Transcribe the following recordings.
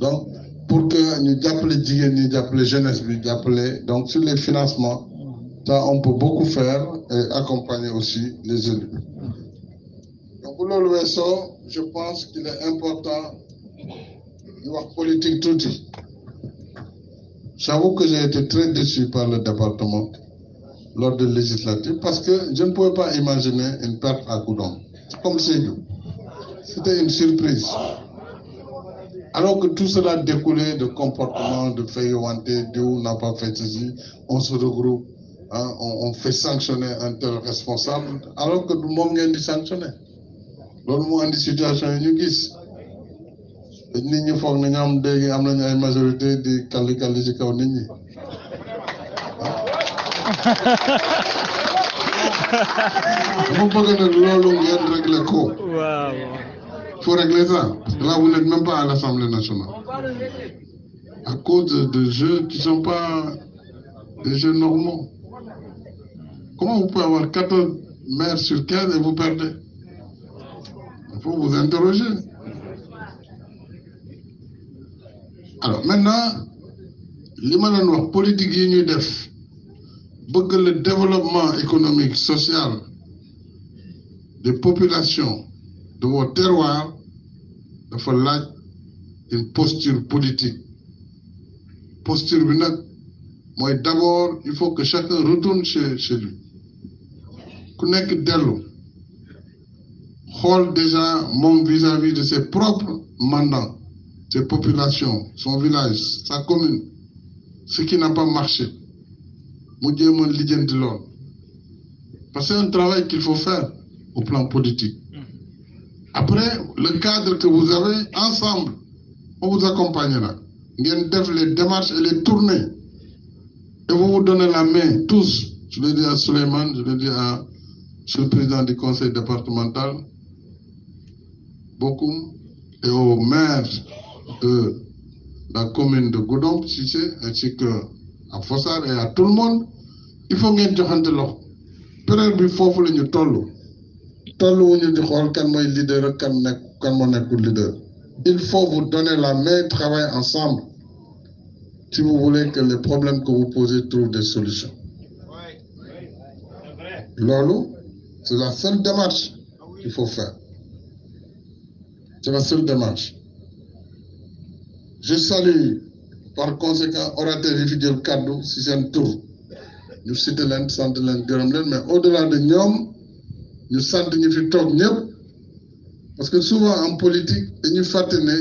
donc pour que ñu d'appeler jigéen nous d'appeler jeunesse nous d'appeler donc sur les financements on peut beaucoup faire et accompagner aussi les élus donc pour le je pense qu'il est important voir la politique suite. j'avoue que j'ai été très déçu par le département lors de législative parce que je ne pouvais pas imaginer une perte à C'est comme si c'était une surprise alors que tout cela découlait de comportements de d'où on n'a pas fait ceci, on se regroupe, hein, on, fait sanctionner un tel responsable, alors que tout le monde est sanctionné. Dans une situation, nous avons une am majorité di kalli kalli ci kaw nit ñi il faut régler ça. là, vous n'êtes même pas à l'Assemblée nationale. À cause de jeux qui ne sont pas des jeux normaux. Comment vous pouvez avoir 14 maires sur 15 et vous perdez Il faut vous interroger. Alors maintenant, les politique yi le développement économique social des populations le terroir terroir faut une posture politique posture bi Moi, d'abord il faut que chacun retourne chez lui ku nekk dellu déjà mon vis-à-vis de ses propres mandants ses populations son village sa commune ce qui n'a pas marché mu jéem de l'homme. parce que c'est un travail qu'il faut faire au plan politique après, le cadre que vous avez, ensemble, on vous accompagnera. Vous les démarches et les tournées. Et vous vous donnez la main, tous. Je le dis à Suleiman, je le dis à le Président du Conseil départemental, beaucoup, et au maire de la commune de Goudon, si ainsi qu'à à Fossard et à tout le monde. Il faut que nous nous di leader kan leader il faut vous donner la main travailler ensemble si vous voulez que les problèmes que vous posez trouvent des solutions Lolo, c'est la seule démarche qu'il faut faire c'est la seule démarche je salue par conséquent orateur yi fi jël cadeau si tour, Nous ñu cité leen mais au-delà de ñom parce que souvent en politique dañuy fàtte ne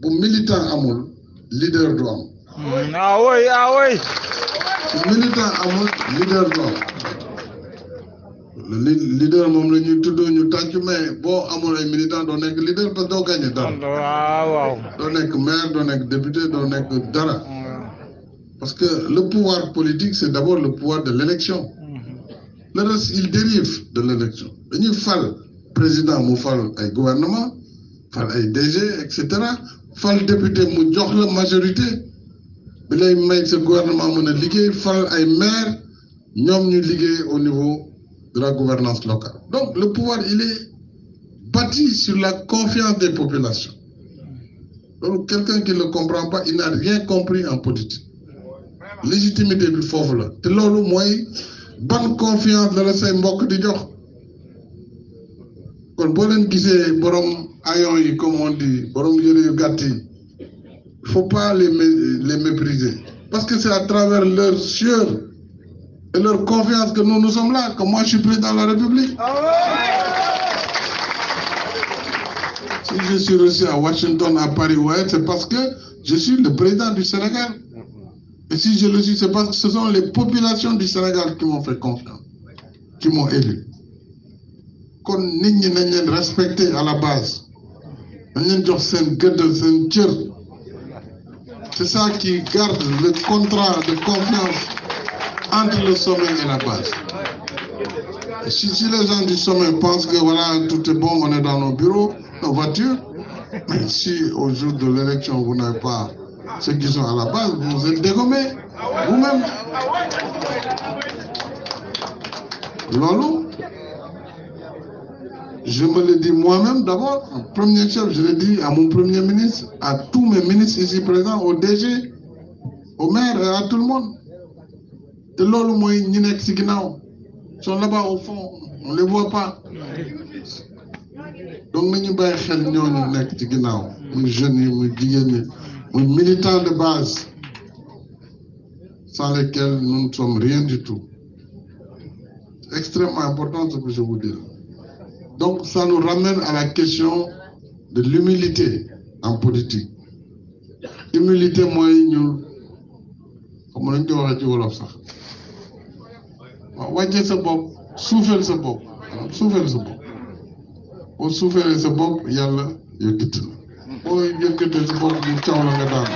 bu militant amul leader du hmm, ah oui ah oui. militant amul leader du le leader moom la mais boo amul ay militant doo nekk leader gagné ah, waaw maire doo nekk député hmm. parce que le pouvoir politique c'est d'abord le pouvoir de l'élection le il dérive de l'élection Il faut le président mu faut ay gouvernement faut ay DG et cetera le député mu jox la majorité Il faut may le gouvernement mën a liggéey fal ay maire nous sommes liggéey au niveau de la gouvernance locale donc le pouvoir il est bâti sur la confiance des populations quelqu'un qui ne le comprend pas il n'a rien compris en politique légitimité bi foofu la te loolu Bonne confiance dans la say du di jox ne comme on dit faut pas les mépriser parce que c'est à travers leur sueur et leur confiance que nous nous sommes là que moi je suis président de la République. Ah si je suis reçu à Washington, à Paris, ouais, c'est parce que je suis le président du Sénégal. Et si je le dis, c'est parce que ce sont les populations du Sénégal qui m'ont fait confiance, qui m'ont élu. Qu'on n'ait respecté à la base c'est ça qui garde le contrat de confiance entre le sommet et la base si, les gens du sommet pensent que voilà tout est bon on est dans nos bureaux nos voitures mais si au jour de l'élection vous n'avez pas ceux qui sont à la base, vous êtes dégommés vous-même. Lolo, je me le dis moi-même d'abord, premier chef, je le dis à mon premier ministre, à tous mes ministres ici présents, au DG, au maire à tout le monde. Lolo, moi, ils sont là-bas au fond, on ne les voit pas. Donc, nous jeune pas les nous un militant de base, sans lequel nous ne sommes rien du tout. Extrêmement important ce que je vous dis. Donc ça nous ramène à la question de l'humilité en politique. Humilité, moi, nous, comme on dit, on dit, on dit, ce bon. Soufflez, suufeel bon. bopp suufeel ce bon, boo suufeelee sa bopp yàlla yow boo yëkkatee to bopp bi coow la nga daan.